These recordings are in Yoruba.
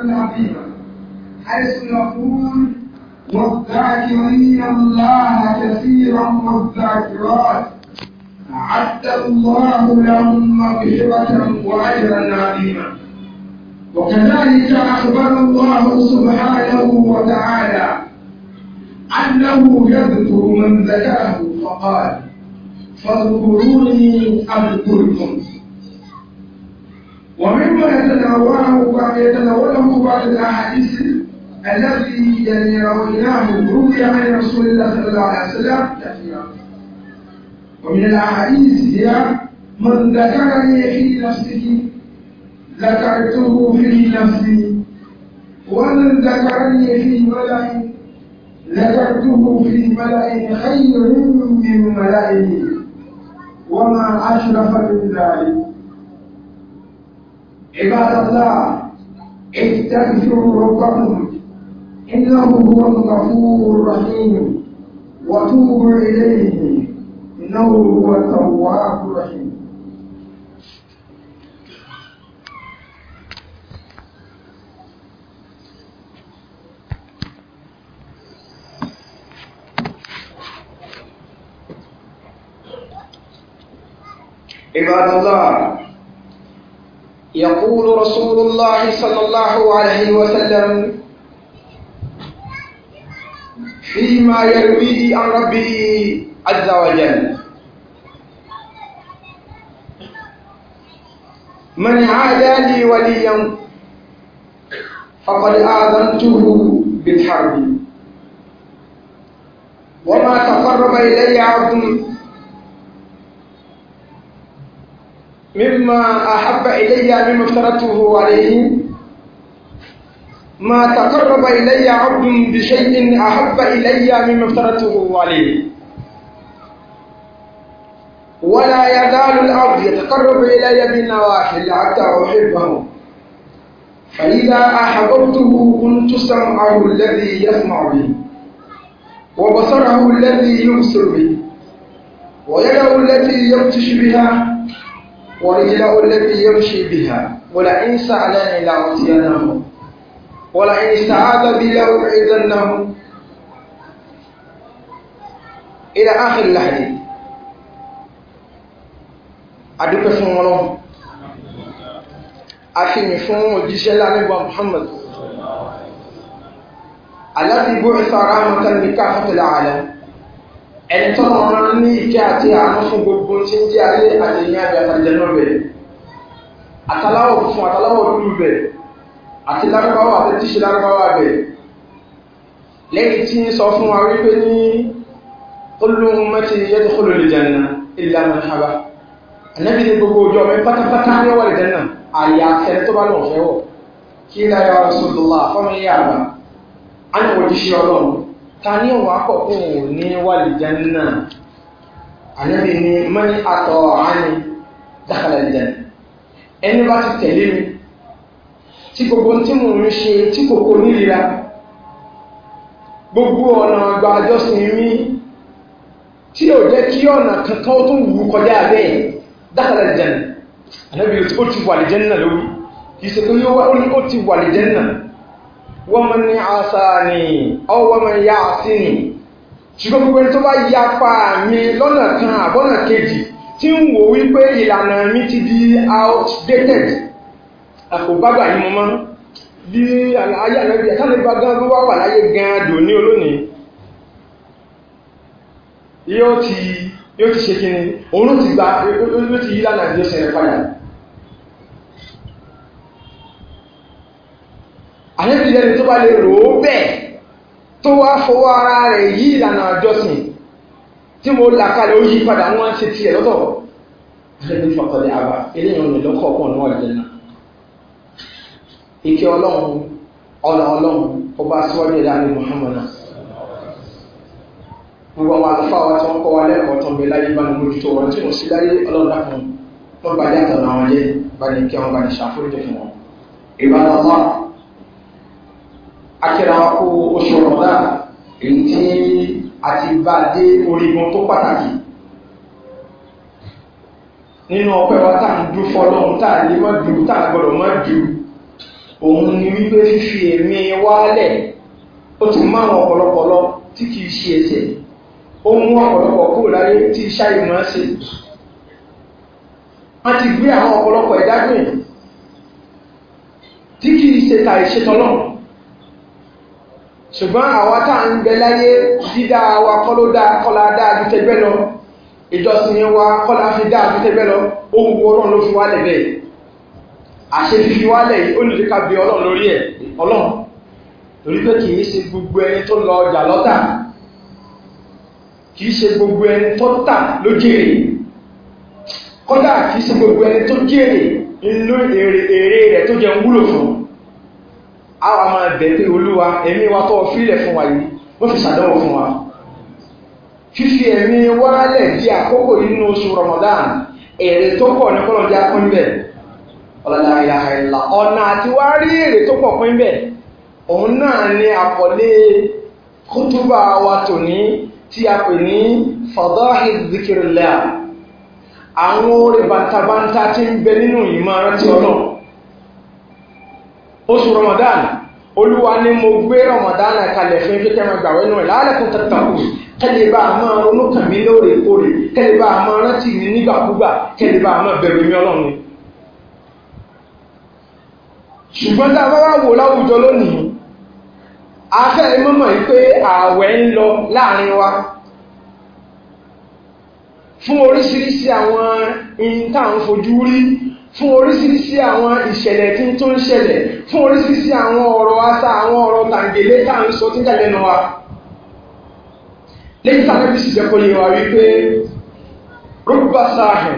العظيمة حيث يقول والذاكرين الله كثيرا والذاكرات أعد الله لهم مغفرة وأجرا عظيما وكذلك أخبر الله سبحانه وتعالى أنه يذكر من ذكاه فقال فاذكروني أذكركم ومما يتناوله بعد يتناوله بعض الاحاديث التي يعني رويناه روي عن رسول الله صلى الله عليه وسلم كثيرا ومن الاحاديث هي من ذكرني في نفسه ذكرته في نفسي ومن ذكرني في ملأ ذكرته في ملأ خير من ملأه وما أشرف من ذلك عباد الله استغفروا ربكم إنه هو الغفور الرحيم وتوبوا إليه إنه هو التواب الرحيم عباد الله يقول رسول الله صلى الله عليه وسلم فيما يرويه عن ربه عز وجل من عادى لي وليا فقد آذنته بالحرب وما تقرب إلي عبد مما أحب إلي مما افترضته عليه ما تقرب إلي عبد بشيء أحب إلي مما افترضته عليه ولا يزال العبد يتقرب إلي بالنواحي حتى أحبه فإذا أحببته كنت سمعه الذي يسمع به وبصره الذي يبصر به ويده التي يبطش بها ورجله التي يمشي بها ولئن سألني لأعطينه ولئن استعاذ بي لأعيذنه إلى آخر الحديث أدوك فهم الله أفهم فهم جزيلا نبوة محمد الذي بعث رحمة بكافة العالم ẹni tó mọ̀ ọ́n ní ìkẹ́ àti àánú fún gbogbo tí ń jẹ́ ayé àtẹ̀yìn àbí àtàlẹ́jẹ́ náà bẹ̀. àtàláwọ̀ funfun àtàláwọ̀ dúdú bẹ̀ àti lárúbáwá àti tíṣe lárúbáwá bẹ̀. lẹ́yìn tí ń sọ fún wa wípé ní olóhùn mẹ́tì yadkhulu al-janna illa man haba. ànábì ní gbogbo ọjọ́ mi pátápátá ní wà lẹ́jẹ̀ àyà àfẹ́rẹ́ tó bá lọ́ọ̀ fẹ́ wọ̀ kí láyà Rasulullah fọ́nmi yára ta ní ọwọ́ akọ̀kún ní wàlìjẹ́ náà ànábì ni mọ́ni àtọ̀ àánì dákàlẹ̀ jẹ́ ẹni bá ti tẹ̀lé mi tí gbogbo tí mò ń ṣe tí kòkó gbogbo ọ̀nà àgbà àjọsìn mi tí ò jẹ́ kí ọ̀nà kankan ó tún wù kọjá bẹ́ẹ̀ dákàlẹ̀ jẹ́ ó ti wàlìjẹ́ náà lórí ó ti wọ́n ní àṣàní ọwọ́ mọ̀ ya sí ni ṣùgbọ́n gbogbo ẹni tó bá yapa mi lọ́nà kan àbọ́nà kejì tí ń wò wípé ìlànà mi ti di outdated àkóbágbà yìí mọ́ mọ́ bí ayé àlẹ́bí àtàlẹ́bá gan tó wá wà láyé gan dò ní olónìí yóò ti ṣe kíni òun ló ti yí lánàá ìdíṣẹ́ rẹ̀ padà àníbi lẹ́nu tó bá lè rò ó bẹ́ẹ̀ tó wá fọwọ́ ara rẹ̀ yí ìlànà àjọsìn tí mo là kalẹ̀ ó yí padà wọ́n ṣe tiẹ̀ lọ́tọ̀ ẹni fọkànlẹ̀ àbá eléyìí ọ̀nà ìlọ́kọ̀ ọ̀pọ̀ náà jẹ́ náà ike ọlọ́run ọ̀nà ọlọ́run ọba síwájú ẹ̀dá ní Muhammad gbogbo àwọn àlùfáà wa tí wọ́n kọ́ wa lẹ́kọ̀ọ́ tó ń bẹ láyé bá ní mójútó wọn tí mo sí láyé ọlọ́run dákun wọ́n gbàdé àtọ̀nà àwọn jẹ́ bá ní kí wọ́n bá ní ṣàforíjì fún wọn ìbára ọlọ́run akẹ́ra kó oṣù rọ̀dá èyí tí a ti bá dé orígun tó pàtàkì nínú ọpẹ́ wa tá ń dú fọ́lọ́run tá lè mọ́ dù tá gbọ́dọ̀ mọ́ dù òun ni wípé fífi ẹ̀mí wálẹ̀ ó ti ọ̀pọ̀lọpọ̀lọ tí ṣe ẹsẹ̀ ó mú ọ̀pọ̀lọpọ̀ ti gbé àwọn ọ̀pọ̀lọpọ̀ ẹ̀dá gbìn tí ta ṣùgbọ́n àwa tá ń bẹ láyé dídá wa kọ́ ló dáa kọ́lá dáa ju tẹgbẹ́ lọ ìjọsìn wa kọ́lá fi dáa ju tẹgbẹ́ lọ ohun ọlọ́run ló fi wálẹ̀ bẹ́ẹ̀ àṣẹ fífi wálẹ̀ yìí ó lè ká bí ọlọ́run lórí ẹ̀ ọlọ́run torí pé kì í ṣe gbogbo ẹni tó lọ ọjà lọ́tà kì í ṣe gbogbo ẹni tó tà ló jèrè kọ́dà kì í ṣe gbogbo ẹni tó jèrè èrè rẹ̀ àwọn àmà ẹ̀bẹ̀ pé olúwa ẹ̀mí wa tó fílẹ̀ fún wa yìí wọ́n fi ṣàdánwò fún wa fífi ẹ̀mí wọ́rálẹ̀ di àkókò nínú oṣù Ramadan èrè tó pọ̀ ní kọ́lọ̀ jẹ́ pín bẹ̀ ọ̀làlàyà àìlà ọ̀nà àti wá rí èrè tó pọ̀ pín bẹ̀ òun náà ni àkọlé kútúbà wa tòní tí a pè ní fadahi zikirillah àwọn orí bàtàbàtà ti ń bẹ nínú ìmọ̀ rántí ọlọ́run oṣù Ramadan olúwa ni mo gbé Ramadan kalẹ̀ fún kíkẹ́ máa gbàwẹ̀ nù ẹ̀ lálẹ́kùn tẹ̀tàkù kẹ́lẹ́ bá a máa ronú kàn mí lóòrèkóòrè kẹ́lẹ́ bá a máa rántí mi nígbàkúgbà kẹ́lẹ́ a máa bẹ̀rù mi ọlọ́run ṣùgbọ́n tá a bá wò láwùjọ lónìí afẹ́ mọ́mọ́ yìí pé ààwẹ̀ ń lọ láàrin wa fún oríṣiríṣi àwọn ìntà ń fojú rí fún oríṣiríṣi àwọn ìṣẹ̀lẹ̀ tí tó ń ṣẹlẹ̀ fún oríṣiríṣi àwọn ọ̀rọ̀ asá àwọn ọ̀rọ̀ tàǹgélé tá ń sọ tí jáde náà wa lẹ́yìn tàbí sì jẹ́ kó yẹ wá wípé rúgbà sáàhẹ̀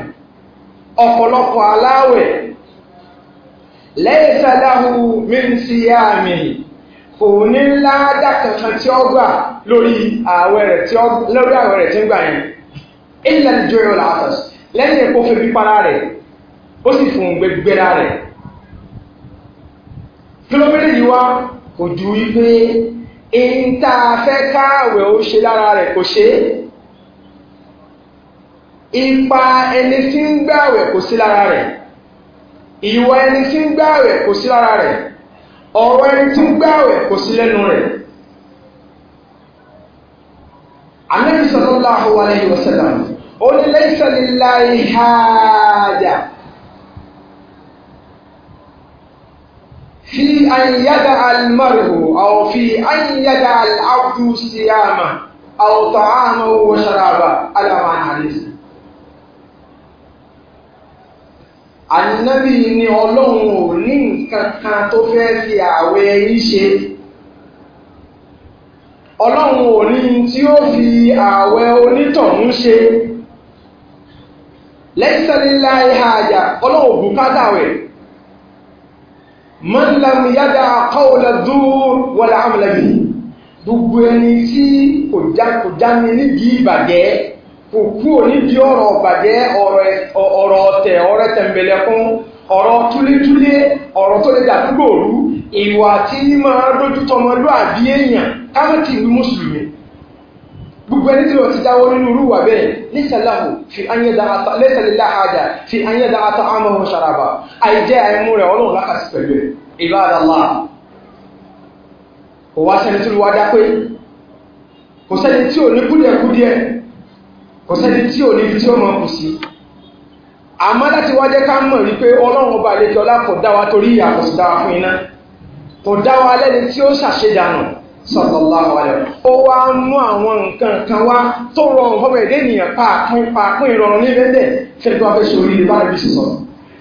ọ̀pọ̀lọpọ̀ aláwẹ̀ lẹ́yìn sádáhù mímsí àmì kò ní ńlá dákàkàn tí ó gbà lórí àwẹ̀ rẹ̀ tí ń gbà yẹn ilẹ̀ ní jùlọ làásàs lẹ́yìn ẹ̀kọ́ fẹ́ pípara rẹ̀ ó sì fún gbẹgbẹ́ra rẹ̀ kílómítì yìí wá kò ju wípé èyí tá a fẹ́ káàwẹ̀ ó ṣe lára rẹ̀ kò ṣe ipa ẹni tí ń gbàwẹ̀ kò sí lára rẹ̀ ìwà ẹni tí ń gbàwẹ̀ kò sí lára rẹ̀ ọ̀rọ̀ ẹni tí ń gbàwẹ̀ kò sí lẹ́nu rẹ̀ anabi sallallahu alayhi wa sallam ó ní laysa lillahi haja fi an yada almarhu aw fi an yada alabdu siyama aw ta'amahu wa sharaba alama hadith anabi ni ọlọ́run ò ní kan tó fẹ́ fi àwẹ̀ yìí ṣe ọlọ́run ò ní tí ó fi ààwẹ̀ onítọ̀hún ṣe lẹ́sẹ̀lélá ìhà àjà ọlọ́run bùkátà rẹ̀ mọ́nlámi yádá kọ́ọ̀lẹ̀ dúró wọlé àmìlẹ́bí gbogbo ẹni tí kò jámi níbi ìbàjẹ́ kò kúrò níbi ọ̀rọ̀ ọ̀bàjẹ́ ọ̀rọ̀ ọ̀tẹ̀ ọ̀rẹ́ ọ̀rọ̀ túlétúlé ọ̀rọ̀ tó lè oru òru ìwà tí máa dójútọ́ ọmọlúàbí èèyàn káàkiri ìlú mùsùlùmí gbogbo ẹni tí wọ́n ti dáwọ́ nínú rúwà bẹ́ẹ̀ lẹ́sàláhù fi fi anyẹ́dáhàtà àmọ́hùn ṣaraba àìjẹ́ àìmú rẹ̀ ọlọ́run lákàtí àmọ́ láti wá jẹ́ ká mọ̀ wípé ọlọ́run ọba àlejò ọlá kò dá wa torí ìyà kò sì dá wa fún iná kò dá wa lẹ́ni tí ó ṣàṣedànù sallallahu alaihi ó wá mú àwọn nǹkan kan wá tó rọrùn fọmọ èdè ènìyàn pa àpín pa àpín ìrọ̀rùn ní bẹ́ẹ̀ fẹ́ni tó bá fẹ́ sori ìbá níbi sì sọ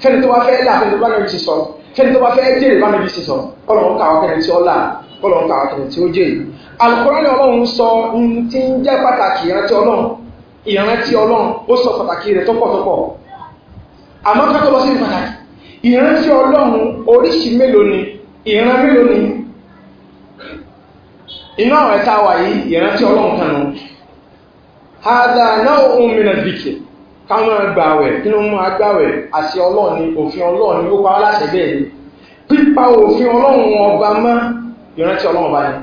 fẹ́ni tó bá fẹ́ là fẹ́ni tó bá níbi sì sọ fẹ́ni tó bá fẹ́ jèrè bá níbi sì sọ ọlọ́run kà wákẹ́ni tí ó là ọlọ́run kà wákẹ́ni tí ó jèrè alukọ́rọ́ ni ọlọ́run sọ ohun tí ń jẹ́ pàtàkì ìrántí ọlọ́run ìrántí ọlọ́run ó sọ pàtàkì rẹ̀ tọ́pọ̀tọ́pọ̀ àmọ́ kákọ́ lọ sí pàtàkì ìrántí ọlọ́run oríṣìí mélòó ni ìran mélòó ni inú àwọn ẹ̀ta wà yìí ìrántí ọlọ́run kan nù náà ohun mìíràn ka káwọn gbàwẹ̀ kí ló mú agbáwẹ̀ àti ọlọ́run òfin ni ó pa aláṣẹ bẹ́ẹ̀ ni pípa òfin ọlọ́run ọba mọ́ ìrántí ọlọ́run ọba ni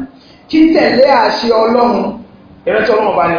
títẹ̀lé àṣẹ ọlọ́run ìrántí ọlọ́run ọba ni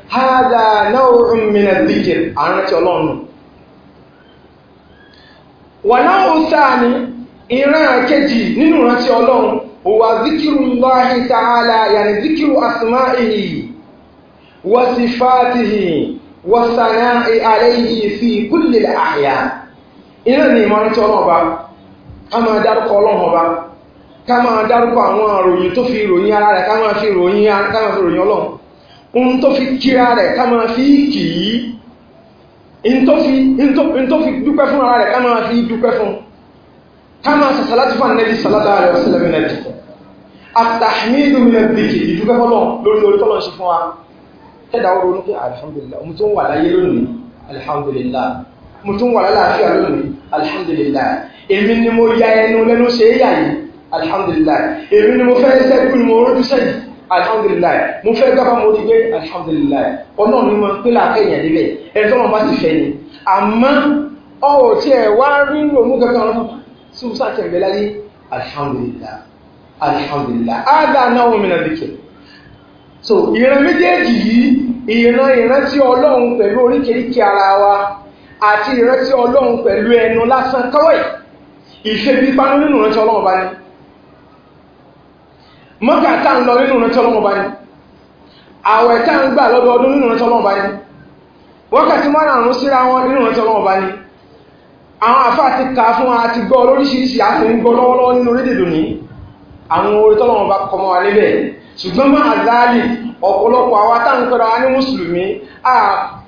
hádà náwòrán mìíràn díkì àrántí ọlọ́run wà náà ó sáà ní ìran kejì nínú ìrántí ọlọ́run wà wa sifatihi wa sana'i alayhi fi kulli àyà ìran ni ìmọ̀rántí ọlọ́run ọba ká máa dárúkọ ọlọ́run ọba ká máa kama àwọn ìròyìn tó ohun tó fi kíra rẹ̀ ká máa fi kì í in tó fi dúpẹ́ fún ara rẹ̀ ká máa fi dúpẹ́ fún ká máa sà sàlátì fún ànẹ́bí sàlátà rẹ̀ ọ̀sẹ̀lẹ̀ mìíràn jù àtàmídù mìíràn dìkì ìdúpẹ́ fọ́lọ̀ lórí orí tọ́lọ̀ ṣe fún wa tẹ́dà ó ronú pé alhamdulillah mo tún wà láyé lónìí alhamdulillah mo tún wà lálàáfíà lónìí alhamdulillah èmi ni mo ya ẹnu lẹ́nu ṣe é yà yìí alhamdulillah èmi ni mo fẹ́ sẹ́kùn mo rójú sẹ́yìn alihamudulilayi mo fẹ́ gbábá mo rí pé alihamudulilayi ọ̀nà ni mo pé làákẹ́ yẹn débẹ̀ ẹ̀ tọ́lọ́ bá sì fẹ́ ni àmọ́ ọ̀hún tí ẹ̀ wá rí ronú kankan ọ̀nà sùsà tẹ̀gbẹ́ láyé alihamudulilayi alihamudulilayi ádá náà wọn mìíràn dìkẹ̀ so ìran méjèèjì yìí ìran ìrántí ọlọ́run pẹ̀lú oríkèéríkèé ara wa àti ìrántí ọlọ́run pẹ̀lú ẹnu lásán kọ́wé ìṣe pípanu nínú ìrántí ọlọ́run bá ní mọ́kà tá ń lọ nínú ìrántí ọlọ́run bá ní àwẹ̀ tá ń gbà lọ́dọọdún nínú ìrántí ọlọ́run bá ní wákàtí márùn-ún síra wọn nínú ìrántí ọlọ́run bá ní àwọn àfá ti ka fún wa ti gbọ́ lóríṣiríṣi àti ń gbọ́ lọ́wọ́lọ́wọ́ nínú rédè lónìí àwọn orí tọ́lọ́run bá kọmọ wa lébẹ̀ ṣùgbọ́n máa záàlì ọ̀pọ̀lọpọ̀ àwa tá ń pẹ́ra wa ní mùsùlùmí a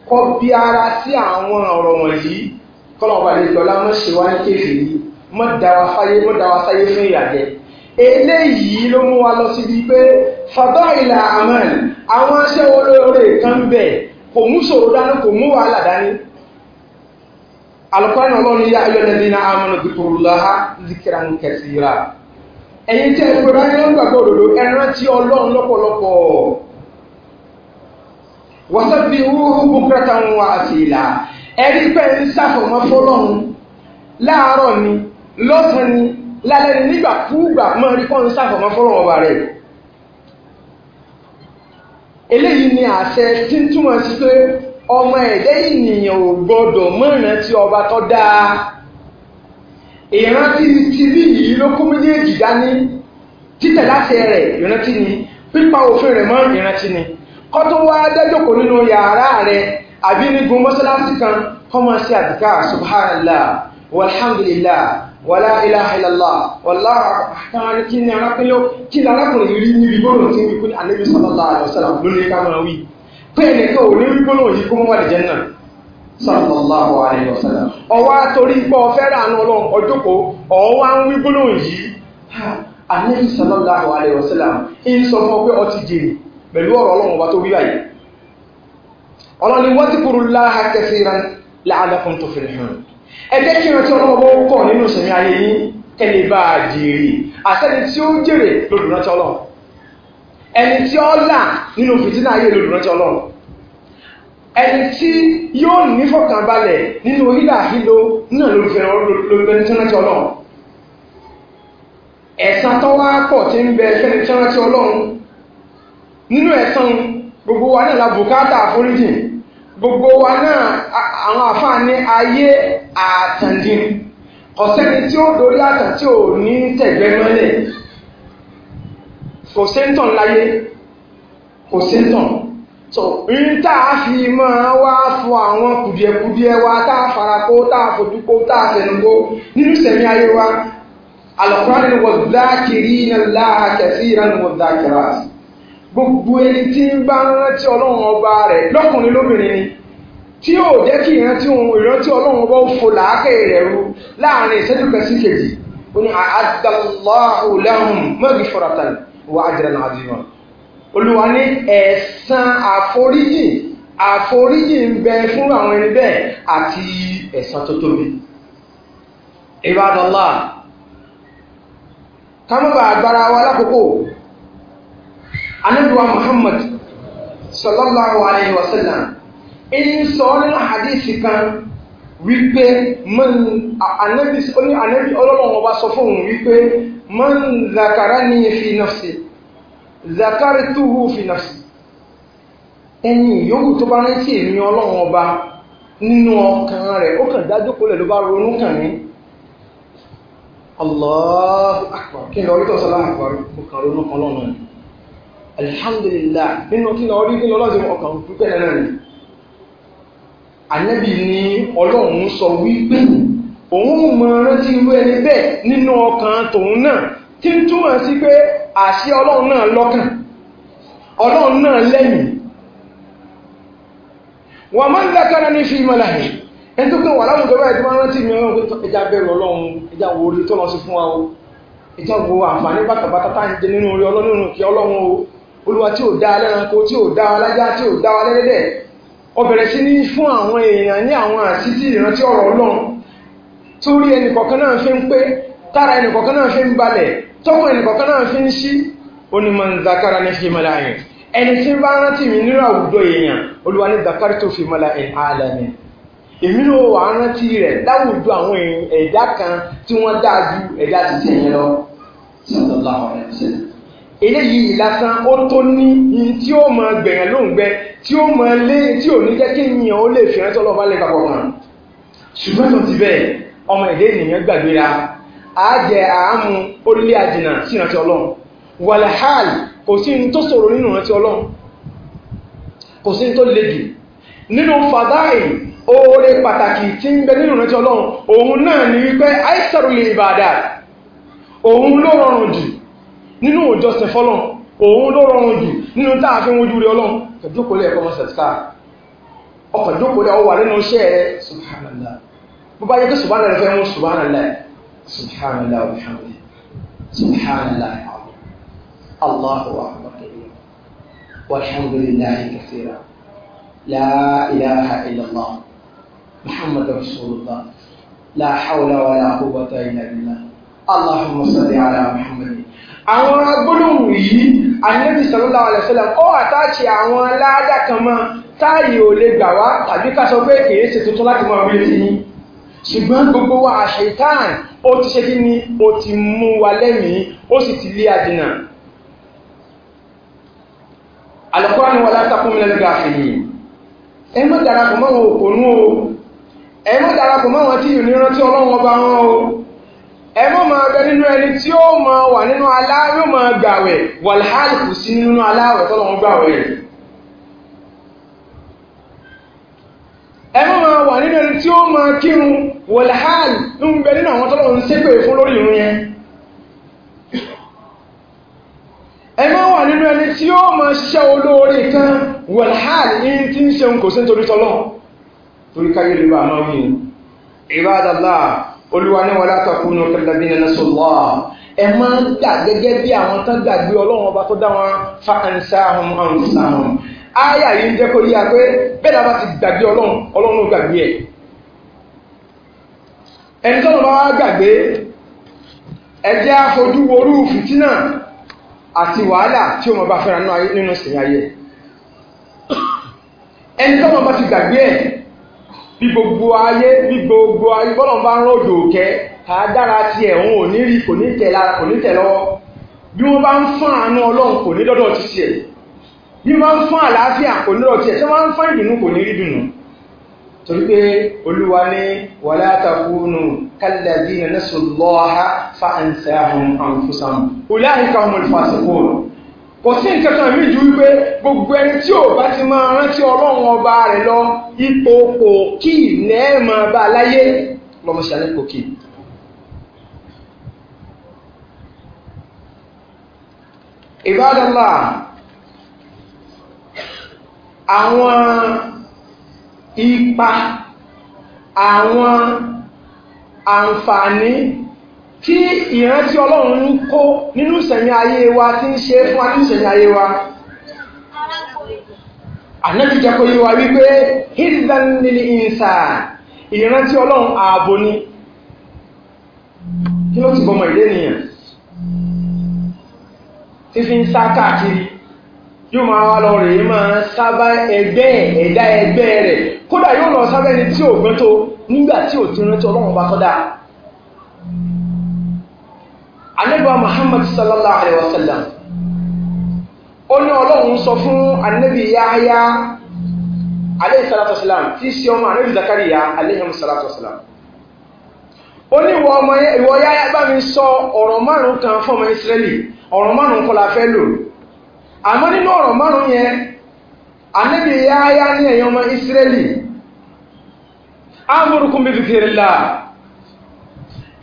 kọ́ bí ara sí àwọn ọ̀rọ̀ wọ̀nyí kọ́lọ̀ eléyìí ló mú wa lọ síbi pé fàtọ́ ìlà amen àwọn aṣẹ́ olóore kan bẹ̀ kò mú ṣòro dání kò mú wàhálà dání alukọ́ni ọlọ́run yá ayọ́ nàbí na amọ̀nà dìkùrùláha zikira ń kẹsìrà ẹ̀yin tí ẹ gbọ́dọ̀ ayé lọ́gbàgbọ́ òdodo ẹran tí ọlọ́run lọ́pọ̀lọpọ̀ wọ́sẹ̀bí wúhú búkúrẹ́ta ń wá àti ìlà ẹ̀rí pẹ́ ń sáfọ̀mọ́ fọlọ́run láàárọ̀ ni lọ́sàn ni lálẹ́ ni nígbà fúgbà mọ́ rí kọ́ ń sàfọ̀mọ́ fọ́rọ̀ ọba rẹ̀ eléyìí ni àṣẹ tí ń túmọ̀ sí pé ọmọ ẹ̀dẹ́ ènìyàn ò gbọ́dọ̀ mọ́ràn tí ọba tó dáa ìrántí ti rí yìí ló kó méjèèjì dání títẹ̀ láṣẹ rẹ̀ ìrántí ni pípa òfin rẹ̀ mọ́ ìrántí ni kó tó wá dájòkó nínú yàrá rẹ̀ àbí nígun mọ́sálásí kan kó máa ṣe àdìkà subhanallah walhamdulillah wala ilaha illallah wala kan kí ni arákùnrin kí ni arákùnrin rí níbi gbọ́nà tí wípé ní Ànábì sallallahu alaihi wasallam lórí kámọ́ wí pé ẹnìkan ò ní gbọ́nà yìí kó mọ́wàá lìjẹ́ náà sallallahu alaihi wasallam ọwá torí pọ́ fẹ́rẹ̀ àánú ọlọ́run ọjọ́kọ́ ọwá ń wí gbọ́nà yìí Ànábì sallallahu alaihi wasallam ń sọ fún ọ pé ọ ti jèrè pẹ̀lú ọ̀rọ̀ ọlọ́run ọba tó wí báyìí ọlọ́ni wọ́n ti kúrú láhà kẹfìran láàlẹ́kùn tó fi rẹ̀ hàn ẹ jẹ́ kí rántí ọlọ́mọbọ́ kọ̀ nínú ìṣẹ̀mí ayé yín kẹ́lé bá a jèrè àṣẹ́ni tí ó ń jèrè lòdùrántí ọlọ́run ẹni tí ó là nínú fìtínà ayé lòdùrántí ọlọ́run ẹni tí yóò nífọ̀kànbalẹ̀ nínú hílà hílo náà lórúfẹ́ lórúfẹ́ ọlọ́run ẹ̀san tó wá pọ̀ tí ń bẹ fẹ́ni tí rántí ọlọ́run nínú ẹ̀san gbogbo wa náà la bùkátà àforíjìn gbogbo wa náà àwọn àfáà ní ayé àtàndín kọ̀sẹ́ni tí ó dorí àtà tí ò ní tẹ̀gbẹ́ mọ́lẹ̀ kò séńtàn láyé kò séńtàn tó ń tà á fi máa wá fún àwọn kùdìẹ̀kùdìẹ̀ wa tá a farakó tá a fojúkó tá a fẹnukó nínú ìṣẹ̀mí ayé wa alùpùpù ni wọ́n náà láàkẹ́sí ìrànwọ́ dákìrá sí gbogbo ẹni tí ń bá rántí ọlọ́run ọba rẹ̀ lọ́kùnrin lóbìnrin ni tí yóò jẹ́ kí ìrántí ohun ìrántí ọlọ́run ọba ó fò làákè rẹ̀ ru láàrin ìṣẹ́jú kan sí kejì ó ní àdàlọ́hù lẹ́hùn mọ́gì fọ̀rọ̀tàn wà ájẹ́rẹ́ náà àdìmọ̀ olúwa ní ẹ̀san àforíjì àforíjì ń bẹ fún àwọn ẹni bẹ́ẹ̀ àti ẹ̀san tó tóbi ìbádọ́lá kámọ́bà agbára wa lákòókò anabiwa muhammad sallallahu alaihi wasallam in ẹni kan wípé man anabi oní ọba sọ fún wípé man fi nafsi tuhu fi nafsi ẹni yòówù tó bá rántí èmi ọba nínú ọkàn rẹ̀ ó kàn dájú kólẹ̀ ló bá ronú kàn ní alhamdulillah nínú kí lọ rí nínú ọlọ́dún ọkàn náà ni ni ọlọ́run sọ wípé òun mọ̀ rántí ẹni bẹ́ẹ̀ nínú ọkàn tòun náà tí ń ọkà sí pé àṣẹ ọlọ́run náà lọ́kàn ọlọ́run náà lẹ́yìn wọ́n máa ń ní fi ìmọ̀lá tó wà báyìí tó máa rántí ẹja ọlọ́run ẹja wo orí tó lọ sí fún wa ẹja wo àǹfààní bàtàbàtà tá olúwa tí ò dá alẹ́ranko tí ò dá alájá tí ò dá alẹ́dẹ́dẹ́ ó bẹ̀rẹ̀ sí ní fún àwọn èèyàn ní àwọn àṣítí ìrántí ọ̀rọ̀ ọlọ́run torí ẹnìkọ̀ọ̀kan náà fi ń pé tára ẹnìkọ̀ọ̀kan náà fi ń balẹ̀ tọ́kùn ẹnìkọ̀ọ̀kan náà fi ń sí onímọ̀ zakara ní fi mọ́lá yẹn ẹni tí bá rántí mi nínú àwùjọ èèyàn olúwa ní zakari tó fi mọ́lá ẹ̀ alẹ́mẹ́ èmi ló wà rántí rẹ̀ láwùjọ àwọn ẹ̀dá kan tí wọ́n dáa ju ẹ̀dá títí ẹ̀yẹn lọ sallallahu alaihi wasallam eléyìí lásán ó tó ní in tí ó mọ gbẹ̀yàn ló ń gbẹ tí ó mọ lé tí ò ní jẹ́ kí ènìyàn ó lè fìrántí ọlọ́ba lè papọ̀ kan ṣùgbọ́n tó ti bẹ́ẹ̀ ọmọ èdè ènìyàn gbàgbéra àájẹ àámu ó àjìnà sí ìrántí ọlọ́run wàlàhàl kò sí ní tó ṣòro nínú ìrántí ọlọ́run kò sí ní tó le jù nínú fàdáì oore pàtàkì tí ń bẹ nínú ìrántí ọlọ́run òun náà ní wípé àìsàrùlẹ̀ ìbàdà òun ló rọrùn jù nínú òjọsìn fọ́lọ́n òun ló rọrùn jù nínú táà fi wójú rí ọlọ́run kẹjọ́kọlẹ̀ ẹ̀kọ́ mọ́sẹ̀ská ọkọ̀jọ́kọlẹ̀ ọwà nínú iṣẹ́ rẹ̀ subhanallah bó bá yẹ kí subhanallah rẹ̀ fẹ́ mú subhanallah subhanallah alhamdulillah subhanallah allahu akbar walhamdulillah kathira la ilaha illallah muhammad rasulullah la hawla wa la quwwata illa billah allahumma salli ala muhammadin àwọn agbólóhùn yìí àníyànjú sọlọ́lá alẹ́sọ́lá ó àtàkì àwọn aládá kan mọ́ táàyè ò lè gbà wá tàbí ká sọ pé kìí ṣe tuntun láti mọ àwọn etí yín ṣùgbọ́n gbogbo wa àṣetán ó ti ṣe kí ni ó ti mú wa lẹ́mìí ó sì ti lé adìnà àlọ́kọ́ ni wọ́n látàkùn mi lẹ́nu gàfìyìn ẹ mọ́ o ẹ mọ́ darapọ̀ mọ́ wọn ẹ máa bẹ nínú ẹni tí ó máa wà nínú aláwẹ̀ máa gbàwẹ̀ wàláhálì kò sí nínú aláwẹ̀ tọ́lọ̀ wọn gbàwẹ̀ rẹ̀ ẹ máa wà nínú ẹni tí ó máa kírun wàláhálì ń bẹ nínú àwọn tọ́lọ̀ ń ṣépè fún lórí ìrun yẹn ẹ wà nínú ẹni tí ó máa ṣiṣẹ́ olóore kan ń sí nítorí torí olúwa ní wala takunu kalladhina nasullah ẹ máa ń dà gẹ́gẹ́ bí àwọn tán gbàgbé ọlọ́run ọba tó dá wọn fa ansahum ansahum ááyà yìí ń jẹ́ kó yíya pé bẹ́ẹ̀ dábàá ti gbàgbé ọlọ́run ọlọ́run gbàgbé ẹ̀ ẹni tó lọ́wọ́ gbàgbé ẹjẹ́ àfojú orú fìtínà àti wàhálà tí o mọ̀ bá fẹ́ra nínú ìsìn ayé ẹni tó lọ́wọ́ ti gbàgbé ẹ̀ bí gbogbo ayé bí gbogbo ayé bọ́lọ̀ bá ń rọ̀jò òkẹ́ àádára ti ẹ̀hún ò ní rí kò ní tẹ̀ lára kò ní tẹ̀ lọ́wọ́ bí wọ́n bá ń fún àánú ọlọ́run kò ní dọ́dọ̀ ti tiẹ̀ bí wọ́n ń fún àlàáfíà kò ní dọ́dọ̀ tiẹ̀ tí wọ́n ń fún ìdùnnú kò ní rí dùnnú torí pé olúwa ní wàlá takunu kalladhina nasu Allaha fa ansahum anfusahum ulaika humul fasiqun kò sí nǹkan kan mí ju wípé gbogbo ẹni tí ò bá ti máa rántí ọlọ́run ọba rẹ̀ lọ ipò kò kí lẹ́ẹ̀mọ́ bá láyé lọ́mọṣẹ́ alẹ́ kò kí. ìbádọ́lá àwọn ipa àwọn àǹfààní tí ìrántí ọlọ́run ń kó nínú ìsẹ̀mí ayé wa tí ń ṣe fún àti ìsẹ̀mí ayé wa ànábì jẹ́ kó yé wípé hidden nil insa ìrántí ọlọ́run ààbò ni kí ló ti bọmọ ìdé nìyàn tí fi ń sá káàkiri yóò máa wá lọ rèé máa sábà ẹgbẹ́ ẹ̀dá ẹgbẹ́ rẹ̀ kódà yóò lọ sábà ẹni tí ò gbọ́n tó nígbà tí ò ti rántí ọlọ́run bá kọ́ anẹ́bà muhammad sallallahu alaihi wasallam ó ní ọlọ́run sọ fún anẹ́bì yáyá alaihi salatu wasallam tí sí ọmọ anẹ́bì zakariya alaihi salatu wasallam ó ní ìwọ yáyá bá mi sọ ọ̀rọ̀ márùn-ún kan fọ́mọ israeli ọ̀rọ̀ márùn-ún kọ́ la fẹ́ lò àmọ́ nínú ọ̀rọ̀ márùn-ún yẹn anẹ́bì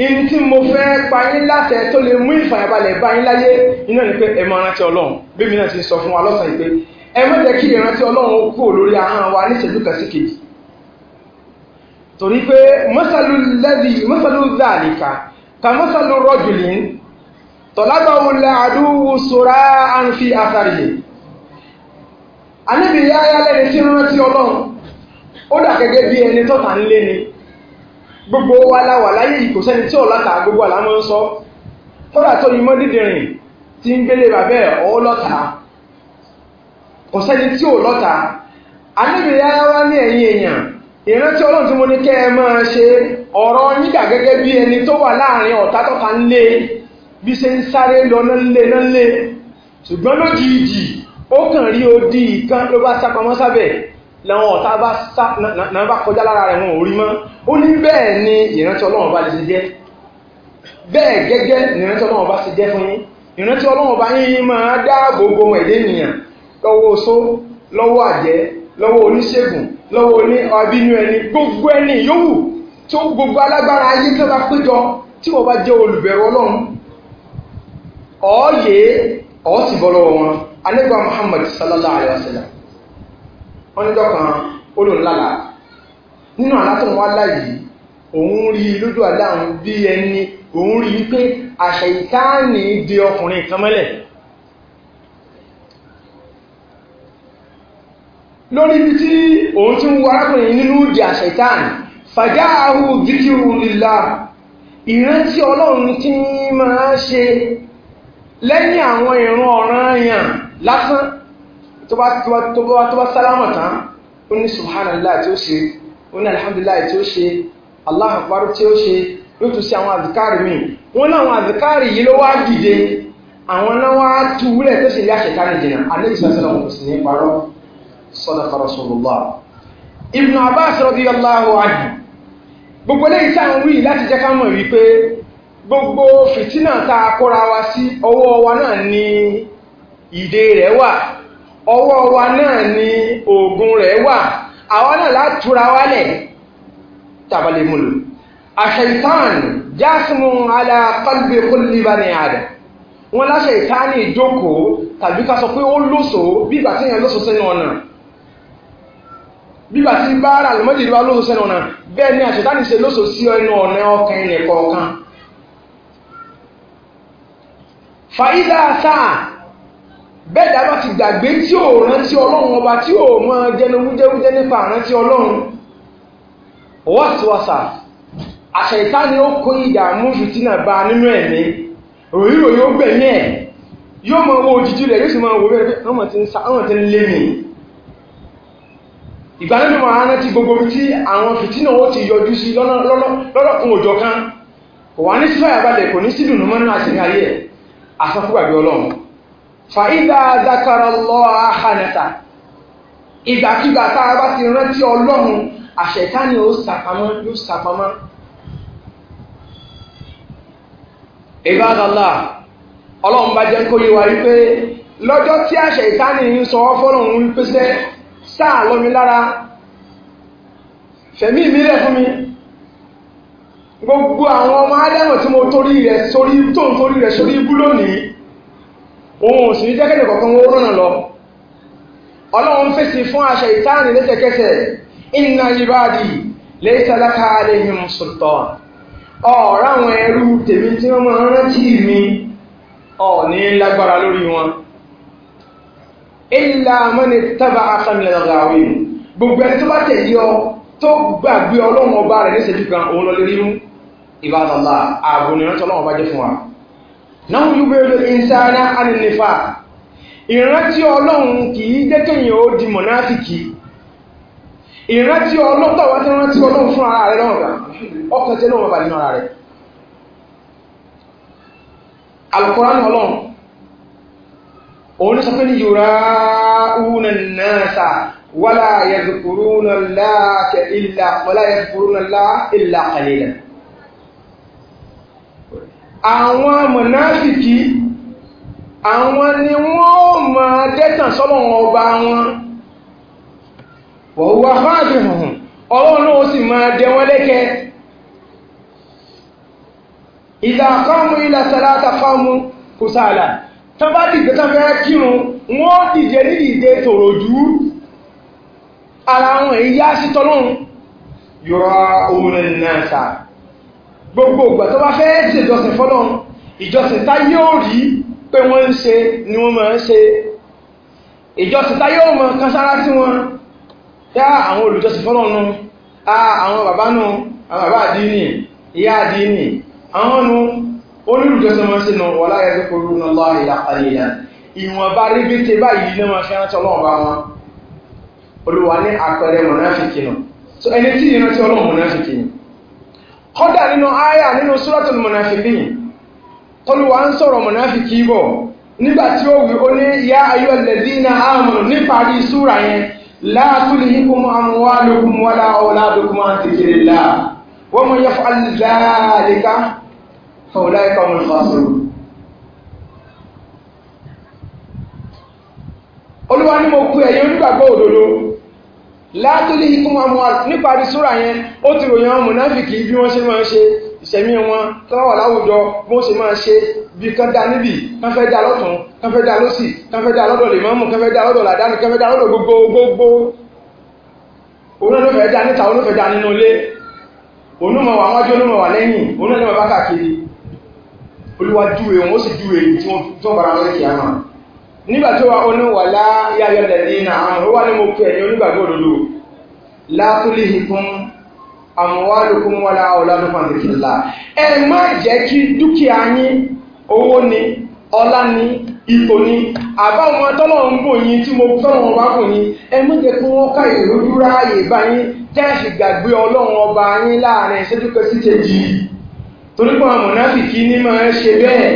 ibi tí mo fẹ́ pa yín láṣẹ tó lè mú ìfàyàbalẹ̀ bá yín láyé iná ni pé ẹ máa rántí ọlọ́run bẹ́ẹ̀ mi náà ti sọ fún wa lọ́sàn-án yìí pé ẹ má jẹ́ kí ìrántí ọlọ́run ó kúrò lórí ahọ́n wa níṣẹ́jú kan sí kejì torí pé mọ́sálù lẹ́dí mọ́sálù zàlìkà ka mọ́sálù rọ́jùlín tọ́lábàwò làdúwò sọ́rá àǹfi àtàrí anábìyá ayálẹ́ni tí rántí ọlọ́run ó dà gẹ́gẹ́ bí ẹni tọ́ta ńlé ni gbogbo wa la wà láyé yìí kò sẹ́ni tí ò lọ́ta gbogbo àlá mọ́ ń sọ kọ́dà tó yí mọ́ dídìrìn tí ń gbélé bàbẹ́ ọ̀ lọ́ta kò sẹ́ni tí ò lọ́ta anábì yára wá ní ẹ̀yìn èèyàn ìrántí ọlọ́run tí mo ní kẹ́ ẹ máa ṣe ọ̀rọ̀ yídà gẹ́gẹ́ bí ẹni tó wà láàrin ọ̀tá tọ́ka ń lé bí ṣe ń sáré lọ nánlé nánlé lẹ́wọ̀n ọ̀tá bá sá náà bá kọjá lára rẹ̀ wọn orí mọ́ ó ní bẹ́ẹ̀ ni ìrántí ọlọ́run bá lè ṣe jẹ́ bẹ́ẹ̀ gẹ́gẹ́ ni ìrántí ọlọ́run bá ṣe jẹ́ fún yín ìrántí ọlọ́run bá yín máa dáàbò bo ẹ̀dẹ́ ènìyàn lọ́wọ́ oṣó lọ́wọ́ àjẹ́ lọ́wọ́ oníṣègùn lọ́wọ́ oní abínú ẹni gbogbo ẹni yòówù tó gbogbo alágbára ayé tó bá péjọ tí wọ́n bá jẹ́ olùbẹ̀rù ọlọ́run ọ̀ọ́yè ọ̀ọ́sì bọ́ lọ́wọ́ wọn anẹ́gbà Muhammad sallallahu alayhi wa ọ́nìjọ́ kan ó lòun lálà nínú àlá tó ń wá láyìí òun rí lójú àlá òun bí ẹni òun rí wípé àṣà ìtáàní di ọkùnrin kan mọ́lẹ̀ lórí ibi tí òun ti ń wọ arákùnrin nínú di àṣà ìtáàní fàjá àhú díkìrù lílá ìrántí ọlọ́run tí máa ṣe lẹ́yìn àwọn ìran ọ̀ranyàn lásán tó bá tó bá tó bá sálámà tán ó ní subhanallah tí ó ṣe ó ní alhamdulillah tí ó ṣe Allahu akbar tí ó ṣe ló tún sí àwọn àzìkárì mi wọ́n láwọn àzìkárì yìí ló wá dìde àwọn náà wá túwúlẹ̀ tó sì lé àṣẹkárí jìnà alẹ́ ìsàsẹ́lẹ̀ wọn kò sì ní parọ́ sadaqa rasulullah ibn abbas gbogbo fìtínà ta kóra wa sí ọwọ́ wa náà ni ìdè rẹ̀ wà ọwọ́ wa náà ni oògùn rẹ̀ wà àwa náà látúra wálẹ̀ tàbálẹ̀ mú lò àṣẹ̀tàn jásùmù aláàkọ́lùgbé kólíbà ní àdà wọ́n láṣẹ ìtàní ìjókòó tàbí ká sọ pé ó lóso bígbà tí èèyàn lóso sẹ́nu ọ̀nà bígbà tí báárà lọ́mọdé ìlú wa lóso sẹ́nu ọ̀nà bẹ́ẹ̀ ni àṣẹ̀tàní ṣe lóso sí ẹnu ọ̀nà ọkàn ẹnì kọ̀ọ̀kan fàídà sáà bẹ́ẹ̀ dá bá ti gbàgbé tí ò rántí ọlọ́run ọba tí ò mọ jẹnu wújẹ́wújẹ́ nípa àrántí ọlọ́run wọ́síwọ́sà àṣẹ ìta ni ó kó ìdààmú fìtínà bá nínú ẹ̀mí ròyìnròyìn ó gbẹ̀mí ẹ̀ yóò mọ owó òjìjú rẹ̀ yóò sì máa wò rẹ̀ pé ọmọ tí ń lé mi ìgbà nínú tí àwọn fìtínà ó fàídà dákàrà lọ àhánẹta ìgbàkígbà tá a bá ti rántí ọlọ́run àṣẹ̀tánì ó sàpamọ́ yóò sàpamọ́ ìbádàlá ọlọ́run bá jẹ́ kó yé wa wípé lọ́jọ́ tí àṣẹ̀tánì ń sọ fọ́lọ́run wípé sẹ́ sáà lọ́mi lára fẹ̀mí ìmílẹ̀ fún mi gbogbo àwọn ọmọ ádámọ̀ tí mo torí rẹ̀ sórí tó ń torí rẹ̀ sórí ibú lónìí ohun ò sì ní jẹ́kẹ́lẹ̀ kọ̀ọ̀kan ó rọ̀nà lọ ọlọ́run fèsì fún àṣẹ ìtàní lẹ́sẹ̀kẹsẹ̀ inna ibadi laysa laka alayhim sultan ọ̀rọ̀ àwọn ẹrú tèmi tí wọ́n máa rántí mi ọ̀ ní lágbára lórí wọn illa man ittaba'aka min al ọ tó gbàgbé ọlọ́run ọba rẹ̀ níṣẹ́jú kan òun lọ lè rí náà yú bẹ̀rẹ̀ ìsáná ànìlẹ́fà ìrántí ọlọ́run kìí jẹ́kẹ̀yìn ó di mọ̀náfìkì ìrántí ọlọ́run tọ́wọ́ tí rántí ọlọ́run fún ara rẹ̀ lọ́rọ̀ ọkàn tí lọ́wọ́ bà nínú ara rẹ̀ alukọ́ránù ọlọ́run òun ló sọ pé ní yorùbá una nasa wàlá yẹ̀dùkúrú àwọn mọ̀náfìkì àwọn ni wọ́n mọ̀ dẹ́tàn ọba wọn wọ̀húwá fáàdì hàn ọlọ́run náà sì máa dẹ wọ́n lẹ́kẹ́ ìdá ilẹ̀ sàlátà kọ́mù kò sàlà tó bá dìgbẹ́ fẹ́ gbogbo ìgbà tó bá fẹ́ ṣèjọsìn fọ́lọ́run ìjọsìn tá yóò rí pé wọ́n ń ṣe ni wọ́n máa ń ṣe ìjọsìn tá yóò mọ kan sára sí wọn yá àwọn olùjọsìn fọ́lọ́run a àwọn bàbá nù àwọn bàbá àdínì ìyá àdínì àwọn nù olùjọsìn wọn sínú wọlá ẹgbẹ́ kòrò náà lọ ìlà àyèyà ìwọ̀nba rébété báyìí náà máa fi rántí ọlọ́run bá wọn olùwà ní àpẹẹrẹ mọ̀náfíkì nù so ẹni tí ìrántí ọlọ́run mọ̀náfíkì nù kọ́dà nínú àyà nínú suratul munafiqin tọ́lúwà ń sọ̀rọ̀ munafiki bọ̀ nígbàtí ó wí ó ní ya ayyuhal ladhina amanu níparí súra yẹn la tulhikum amwalukum wala auladukum an ní mo kú ẹ̀yin onígbàgbọ́ òdodo látólé ikú wọn mọ́ níparí súra yẹn ó ti ròyìn àwọn mùnáfìkì bí wọ́n ṣe máa ṣe ìṣẹ̀mí wọn tọ́wọ̀ láwùjọ bí wọ́n ṣe máa ṣe bí kan dá níbi kan fẹ́ dá lọ́tún kan fẹ́ dá lọ́sì kan fẹ́ dá lọ́dọ̀ lèmọ́mù kan fẹ́ dá lọ́dọ̀ làdáni kan fẹ́ dá lọ́dọ̀ gbogbo gbogbo òun ló fẹ́ dá níta òun ló fẹ́ dá nínú ilé òun ló mọ̀ wà wájú olómọ̀ wà lẹ́yìn òun ló mọ̀ bá kàkiri olúwa júwe òun ó sì júwe tí wọ́n bára lọ́lẹ́kì àmà nígbà tí wọ́n ní wà láyáyá dẹ̀dínà àwọn ó ní mo pè ní onígbàgbọ́ òdodo látúlé ìkún àmúwádùkún wà láwọ́ládùkún àtìkìlá ẹ má ni ọlá ni ipò ni àbá ọmọ tọ́lọ̀ ń bò yín tí mo fẹ́ràn ọba kò yín ẹ má jẹ́ kí wọ́n ká ìrújú ráàyè bá yín tẹ́ẹ̀sì gbàgbé ọlọ́run ọba yín láàrin ìṣẹ́dúkẹ́ sí kejì torí pé àwọn mùnáfìkì ní máa ń ṣe bẹ́ẹ̀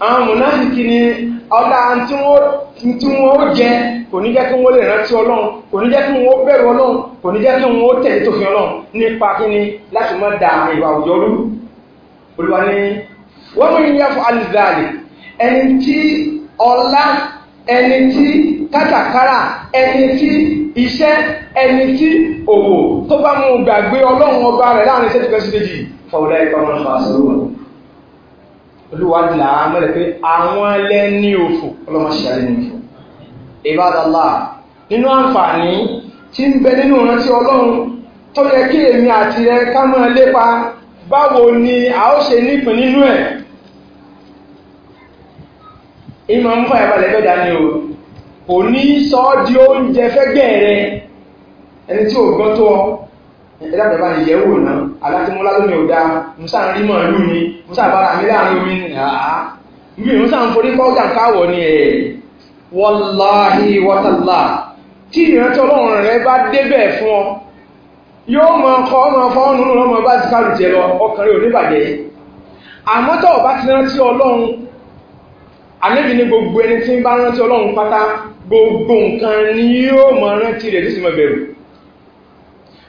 àwọn ní ọlá tí wọ́n ó jẹ kò ní jẹ́ kí wọ́n lè rántí ọlọ́run kò ní jẹ́ kí wọ́n ó bẹ̀rù ọlọ́run kò ní jẹ́ kí wọ́n ó tẹ̀lé tòfin ọlọ́run nípa kí ni láti mọ́ da ìwà òjò rú olúwa ní wọ́n mú ìyá fún alizali ẹni tí ọlá ẹni tí kátàkárà ẹni tí iṣẹ́ ẹni tí òwò tó bá mú gbàgbé ọlọ́run ọba rẹ̀ láàrin sẹ́tìkẹ́sì méjì fọwọ́lá ìpamọ́ olúwàdìlà mẹ́rẹ̀ pé àwọn lẹ́ni òfò ọlọ́mọṣẹ́lẹ́ ní òfò ìbádàlá nínú àǹfààní tí ń bẹ nínú ìrántí ọlọ́run tó yẹ kí èmi àti rẹ ká máa lépa báwo ni ìmọ̀ ń fà ìbàlẹ̀ bẹ́dà ni o kò ní sọ di oúnjẹ fẹ́gbẹ́ rẹ ẹni tí ò gbọ́n tó ọ ẹ̀dá bàbá ni yẹ̀wò náà alátímúlá lómi ò dáa musa ń rí mọ̀ọ́lú ni musa bára mi láàrin omi ni àá mi musa ń forí kọ́ọ̀dà káwọ̀ ni ẹ̀ wọ́láhí wọ́tàlá tí ìrántí ọlọ́run rẹ bá débẹ̀ fún ọ yóò mọ ọkọ̀ ọmọ fọ́ọ̀nù lọ́mọ bá ti kárù jẹ lọ ọkùnrin oníbàjẹ́ àmọ́ tọ́ ọba ti rántí ọlọ́run àlébì ní gbogbo ẹni tí ń bá rántí ọlọ́run pátá gbogbo nǹkan ni yóò mọ rántí rẹ̀ tó sì mọ bẹ̀rù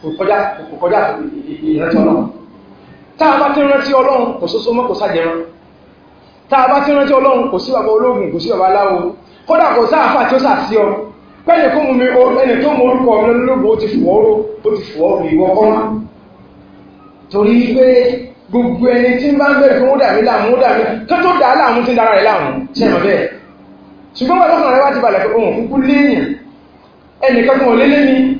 kò kọjá ìrántí ọlọ́run tá a bá ti rántí ọlọ́run kò sóso mọ́ kò sájẹran tá a bá ti rántí ọlọ́run kò sí bàbá ológun kò sí bàbá aláwo kódà kò sáàfà tí ó sàsí ọ pẹ́ẹ̀nì kó mú mi ẹni tó mú orúkọ mi lọ́lọ́gbọ̀ ó ti fòóró ó ti fòóró ìwọ kọ́má torí pé gbogbo ẹni tí ń bá ń bẹ̀rẹ̀ fún ó dàmí láàmú ó dàmí tó tó dà á láàmú tí ń dára rẹ̀ láàmú ṣẹ̀mọ̀ bẹ́ẹ̀ ṣùgbọ́n wọn lọ́kàn rẹ̀ wá ti balẹ̀ pé òun kúkú léèyàn ẹnìkan kan ò lé lé mi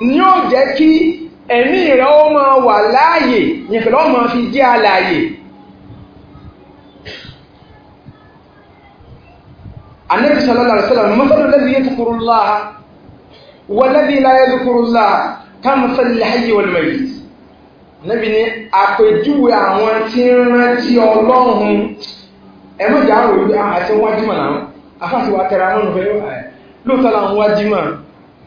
ní ó jẹ́ kí ẹ̀mí rẹ̀ ó máa wà láàyè ìpẹ̀lẹ̀ ó máa fi jẹ́ alààyè النبي صلى الله عليه وسلم مثل الذي يذكر الله والذي لا يذكر الله كمثل الحي والميت níbi ni àpèjúwe àwọn tí ń rántí ọlọ́run ẹgbẹ́jà àròyìn àti wájímọ̀ náà afáàtiwá tẹ̀ra mọ́nù fẹ́ lóòótọ́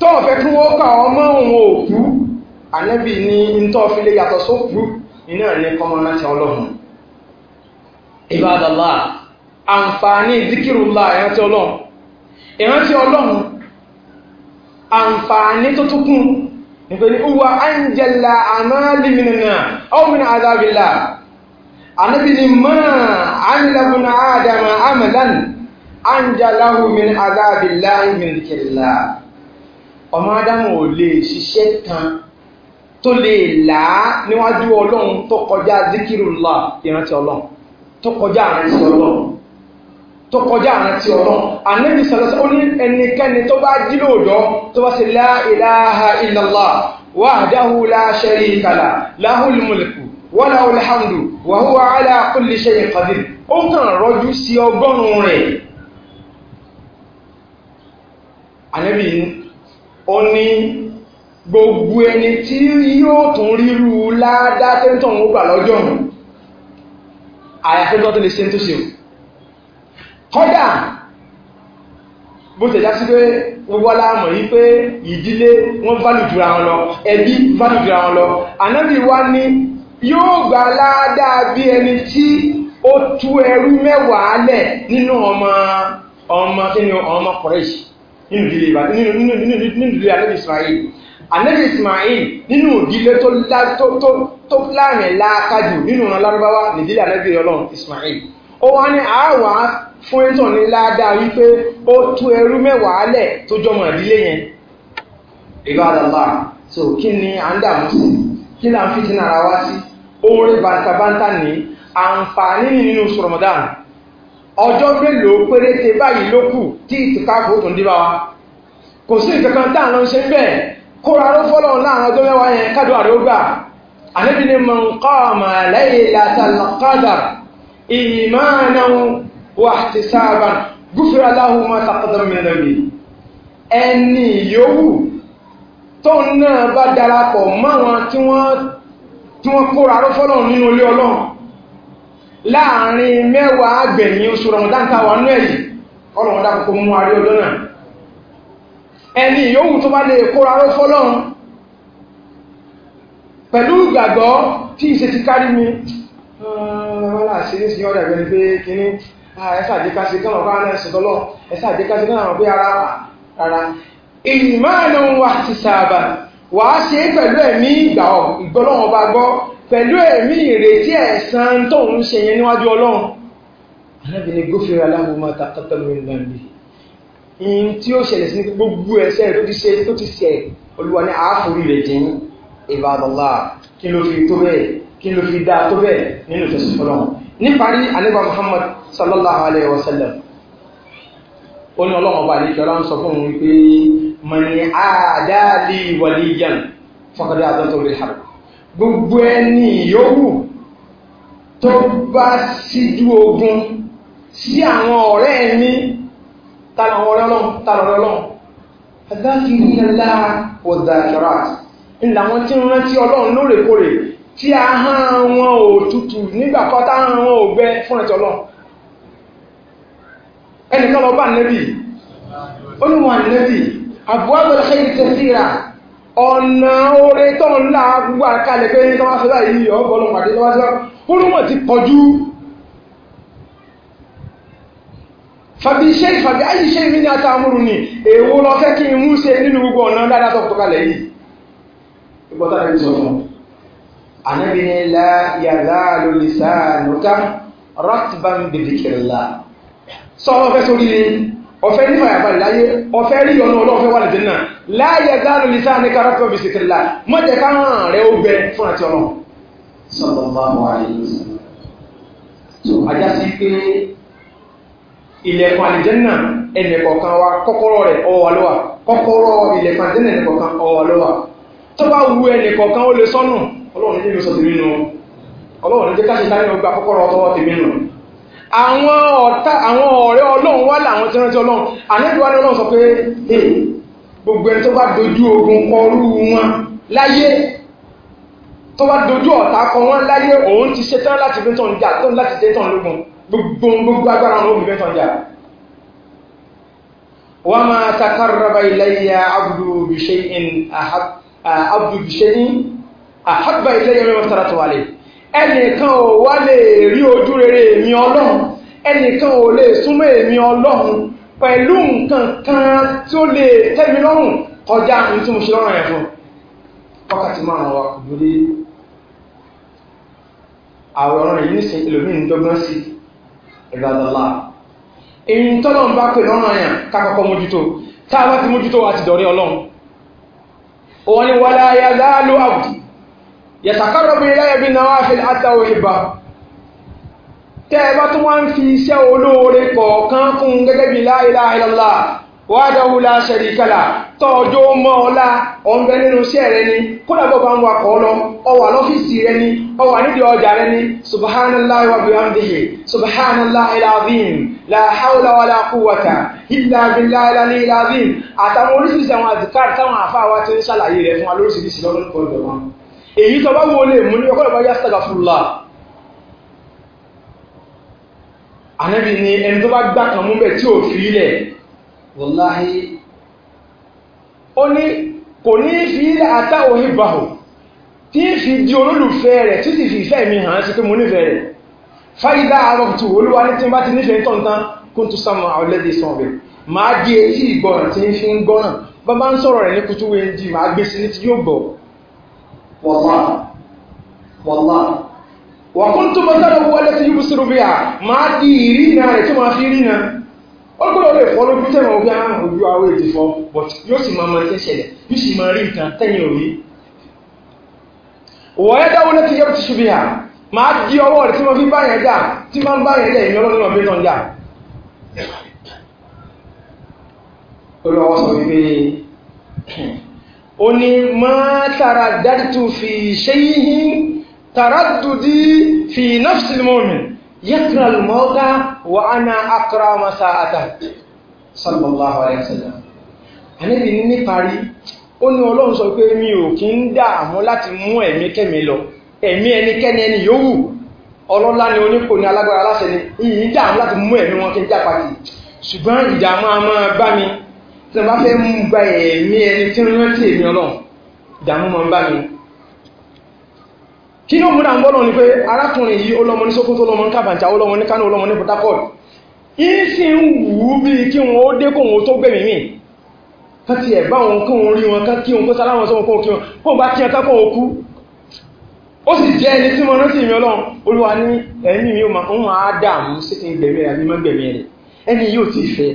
tó ọ̀fẹ́ kí wọ́n kà ọmọ òun òkú ànẹ́bì ní ìntọ́ yàtọ̀ sókú iná ní kọmọ láti ọlọ́run ìbádàlá àǹfààní ìdíkìrùlá ìrántí ọlọ́run ìrántí ọlọ́run àǹfààní tó túnkún nítorí uwa áńjẹ́lá àmàlìmìnà min adabila ọmọ ádámù ò lè ṣiṣẹ́ kan tó lè là á níwájú ọlọ́run tó kọjá zikirullah ìrántí ọlọ́run tó kọjá àrántí ọlọ́run tó kọjá àrántí ọlọ́run ànábì sọlọ́sọ́ ó ní ẹnikẹ́ni tó bá jí lóòjọ́ tó bá sì la ilaha illallah wahdahu la sharika lah lahul ó ní gbogbo ẹni tí yóò tún ríru ládá tẹ́ntọ̀ ń gbà lọ́jọ́ àyàfẹ́ lọ́tọ́ lè ṣe tó ṣe kọ́dà bó tẹ̀já sí pé gbogbo aláàmọ̀ yí pé ìdílé wọ́n válùjúra wọn lọ ẹbí válùjúra wọn lọ ànábì wá ní yóò gbà ládàá bí ẹni tí ó tú ẹrú mẹ́wàá lẹ̀ nínú ọmọ ọmọ kí ọmọ kọ̀rẹ́ṣì nínú ìdílé Ànábì Ismail Ànábì Ismail nínú ìdílé tó láàrin láàkájù nínú ọ̀nà lárúbáwá nìdílé Ànábì Ọlọ́run Ismail ó wá ní àwà fún ẹ̀tàn ní ládá wípé ó tú ẹrú mẹ́wàá lẹ̀ tó jọmọ̀ ìdílé yẹn ìbádàlá so kí ni à ń dàmú sí kí là ń fi tí nara wá sí oore bàǹtàbàǹtà ní àǹfààní nínú Ramadan ọjọ́ mélòó péréte báyìí ló kù tí ìtìkáàkù tó ń dé bá wa kò sí ìkankan tá à ń lọ ṣe bẹ́ẹ̀ kóra ló fọ́lọ́ láàrin ọjọ́ mẹ́wàá yẹn kádùn àrẹ ó gbà àníbi ni mọ̀ ń kọ́ ọmọ laylatal qadr imanan wa ihtisaban gúfèrè lahu ma taqaddama ẹni yòówù tó náà bá darapọ̀ máwọn tí wọ́n kóra ló fọ́lọ́ nínú ilé ọlọ́run láàrin mẹ́wàá àgbẹ̀yìn oṣù Ramadan táwà nú ẹ̀yí ọlọ́run dákòókò mú àrí ọlọ́nà ẹni yóò tó bá lè kóra ró fọ́lọ́run pẹ̀lú ìgbàgbọ́ tí ìṣe ti kárí mi ìmáàlùn wa ti sàbà wà á ṣe pẹ̀lú ẹ̀mí ìgbà ọ̀gbọ́lọ́wọ́ bá gbọ́ pẹ̀lú ẹ̀mí ìrètí ẹ̀san tó ń ṣe yẹn níwájú ọlọ́run anábì ni gófin aláwọ̀ máa ta tọ́tọ́ mi nà mí in tí ó ṣẹlẹ̀ sí gbogbo ẹ̀ṣẹ̀ tó ti ṣe tó ti ṣẹ̀ olúwa ní àáfòrí rẹ̀ jẹ́ ìbádọ́lá kí ló fi tó bẹ́ẹ̀ kí ló fi dáa tó bẹ́ẹ̀ nínú ìfẹ̀sùn fọlọ́run níparí anábà Muhammad sallallahu alayhi wa sallam ó ní ọlọ́run ọba àlejò ọlọ́run sọ fún òun wípé mọ̀ni àádáàlì wàlíyàn fọkàdé àdọ́tò rẹ̀ hàrùn gbogbo ẹni ìyówù tó bá síjú ogun sí àwọn ọ̀rẹ́ mi tààrà ọ̀rẹ́ ọlọ́run tààrà ọ̀rẹ́ ọlọ́run adákìrí ẹlá ọ̀dàkìrá ńlá wọn tí ń rántí ọlọ́run lóòrèkóòrè tí a hán wọn ò tutù nígbà kan tá hán wọn ò gbẹ fún ẹ̀tọ́ ọlọ́run ẹnìkan lọ bá nẹ́bì ó ní wọn nẹ́bì àbúwá bẹ̀rẹ̀ ọ̀nà oore tó ń la gbogbo àkàlẹ̀ pé ní tọ́wọ́ sọ́dá yìí ọ̀bọ̀ lọ pàdé tọ́wọ́ sọ́dá orúmọ̀ ti pọ̀jú fàbí iṣẹ́ ìfàbí ayé iṣẹ́ mi ní àtàmúrù ni èwo lọ fẹ́ kí n mú ṣe nínú gbogbo ọ̀nà dáadáa tó kọkalẹ̀ yìí ìgbọ́ta rẹ̀ sọ fún anábì ní la yàrá lólisà nùká rọ́tìbá ń bèbè kìrìlá sọ́wọ́ fẹ́ sórí ni ọ̀fẹ́ ní fàyàbalẹ̀ láyé ọ̀fẹ́ rí ọ̀nà ọlọ́ọ̀fẹ́ wà lẹ́dínà láyé záàlù lè sáà ní kárọ́kọ̀ bí sìkìlá mọ́jẹ̀ káwọn rẹ̀ ó bẹ fún àti ọlọ́run sallallahu alaihi wasallam so ajá sí pé ilẹ̀kùn àlìjẹ́nà ẹnìkọ̀ọ̀kan wa kọ́kọ́rọ́ rẹ̀ ọwà lọ́wà kọ́kọ́rọ́ ilẹ̀kùn àlìjẹ́nà ẹnìkọ̀ọ̀kan ọwà lọ́wà tó bá wu ẹnìkọ̀ọ̀kan ó lè sọ́nù ọlọ́run ní jẹ́ mi sọ tèmi nù ọlọ́run ní jẹ́ káṣe táyọ̀ gba kọ́kọ́rọ́ ọtọwọ́ tèmi nù àwọn ọ̀tá àwọn ọ̀rẹ́ ọlọ́run wá làwọn tí rántí ọlọ́run àníbi wá ní ọlọ́run sọ pé gbogbo ẹni tó bá dojú ogun kọrú wọn láyé tó bá dojú ọ̀tá kọ wọn láyé òun ti ṣe tán láti bẹ́tọ̀ ń jà tán láti tẹ́tàn lógun gbogbo gbogbo agbára wọn ó fi bẹ́tọ̀ ń jà wa ma takarraba ilayya abdu bi shay'in ahabba ilayya mimma aftaratuhu alayhi ẹnìkan ò wá lè rí ojú rere èmi ọlọ́run ẹnìkan ò lè súnmọ́ èmi ọlọ́run pẹ̀lú nǹkan kan tí ó lè tẹ́mi lọ́rùn kọjá ní tí mo ṣe lọ́rùn ẹ̀fọ́ wákàtí márùn wa kò lórí àwọn ọ̀rọ̀ yìí sí ẹlòmíín dọ́gbọ́n sí ìbádọ́lá èyí tọ́lọ̀ ń bá pè lọ́rùn ẹ̀yàn kákọ́kọ́ mójútó tá a bá ti mójútó wa ti dọ̀rí ọlọ́run òun ni wàlá ayáláàlú àbùdí yataqarrabu ilayya bin nawafil hatta uhibba tẹ́ ẹ bá tún wá ń fi iṣẹ́ olóore kọ̀ọ̀kan kún gẹ́gẹ́ bí la ilaha illallah wahdahu la sharika lah tọ́jọ́ mọ́ ọlá ọ̀nbẹ nínú iṣẹ́ rẹ ni kódà bó bá ń wakọ̀ lọ ó wà lọ́fíìsì rẹ ni ó wà nídìí ọjà rẹ ni subhanallahi wa bihamdihi subhanallahil azim la hawla wala èyí tó bá wo lè mú ní ọkọ̀lọ̀bá yá sàgàfúnlá ànábì ni ẹni tó bá gbá kan mú bẹ̀ tí ò fi ilẹ̀ wọláhí ó ní kò ní fi ilẹ̀ àtà òhìn bàhù tí ń fi di olólùfẹ́ rẹ̀ tí sì fi ìfẹ́ mi hàn sí pé mo nífẹ̀ẹ́ rẹ̀ fáyidá àrọ̀tù olúwa ní tí bá ti nífẹ̀ẹ́ tọ̀ntán kún tó sàmà ọ̀lẹ́dẹ̀ sọ̀bẹ̀ máa di etí ìgbọ̀ràn tí ń fi ń gbọ́ràn bá bá ń sọ̀rọ̀ rẹ̀ ní kútúwé ń di máa gbé sí ní tí yóò gbọ́ والله والله، wà kún tó mọ́tà lọ ما tí yíbu sírù bí i à máa di ìrìnà rẹ̀ tí wọ́n fi rìnà ó gbọ́dọ̀ lè fọ́ lójú tẹ̀wọ̀n ojú àwọn ojú àwọn èdè fọ́ but yóò sì máa mọ ẹ̀kẹ́ ṣẹlẹ̀ yóò sì máa rí nǹkan tẹ́yìn òrí wọ́yẹ́ dáwọ́ lẹ́tí yẹ́ ti ṣubí à máa di ọwọ́ rẹ̀ tí wọ́n fi báyẹn tí máa ń báyẹn ó ní máa tàrà dájútù fi ṣe yíhí tàràdùdí fi nafsil mu'min yakra al-mawta wa ana akra masa'ata sallallahu alaihi wasallam àníbi ní parí ó ní ọlọ́run sọ pé mi ò kí ń dààmú láti mú ẹ̀mí kẹ́mi lọ ẹ̀mí ẹnikẹ́ni ẹni yòówù ọlọ́lá ni onípò ní alágbára aláṣẹ ni ìyí dààmú láti mú ẹ̀mí wọn kí n jápa kì ṣùgbọ́n ìdààmú a máa bá mi tí wọ́n bá fẹ́ mú gba ẹ̀mí ẹni tí wọ́n rántí èmi ọlọ́run ìdààmú máa ń bá mi kí ní òmúdà ń bọ́lọ̀ ní pé arákùnrin yìí ọlọ́mọ ní Sókótó ọlọ́mọ ní Kàbàǹtà ọlọ́mọ ní Kánò ọlọ́mọ ní Port Harcourt yìí sì ń wù ú bí kí wọn ó dé kóhun tó gbẹ̀mí mi káti ẹ̀bá wọn kí wọn rí wọn ká kí wọn kó sára wọn sọ́wọ́n kí wọn kó bá kí wọn ká kóhun kú ó sì jẹ́ ẹni tí wọn rántí mi Ọlọ́run Olúwa ní ẹ̀mí mi ó máa dààmú sí ti gbẹ̀mí rẹ̀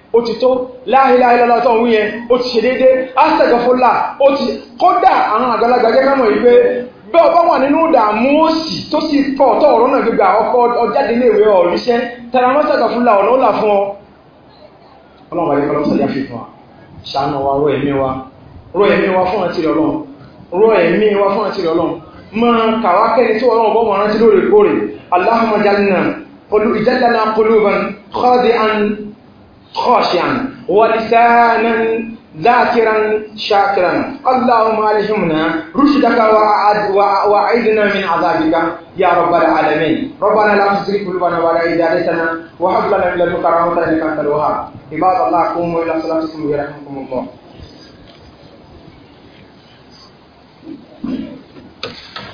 ó ti tó láhìláhìlọ́lá tó ń wí yẹn ó ti ṣe déédé ásẹ̀gọ́fọ́lá ó ti kódà àwọn àgbàlagbà jẹ́ kámọ̀ yìí pé bẹ́ẹ̀ ọba wà nínú ìdààmú òsì tó sì pọ̀ tó ọ̀rọ̀ náà gbígbà ọkọ̀ ọjáde léèwé ọ̀ríṣẹ́ tẹ̀lé àwọn sàgọ́fọ́lá ọ̀nà ó là fún ọ. ọlọ́run àyè kọ́lọ́ sọ̀dí àfihàn wa ṣàánú wa rọ ẹ̀mí wa rọ ẹ̀mí wa fún àti ọlọ́run rọ ẹ̀mí wa fún àti ọlọ́run mọ́ kàwákẹ́ni tí ọlọ́run bọ́ mọ́ rántí lóòrèkóòrè Allahumma jalna qulu ijadana quluban khadi'an خاشعا ولسانا ذاكرا شاكرا اللهم ارحمنا رشدك واعذنا من عذابك يا رب العالمين ربنا لا تزغ قلوبنا بعد إذ هديتنا وهب لنا من لدنك رحمة إنك أنت الوهاب عباد الله قوموا إلى صلاتكم يرحمكم الله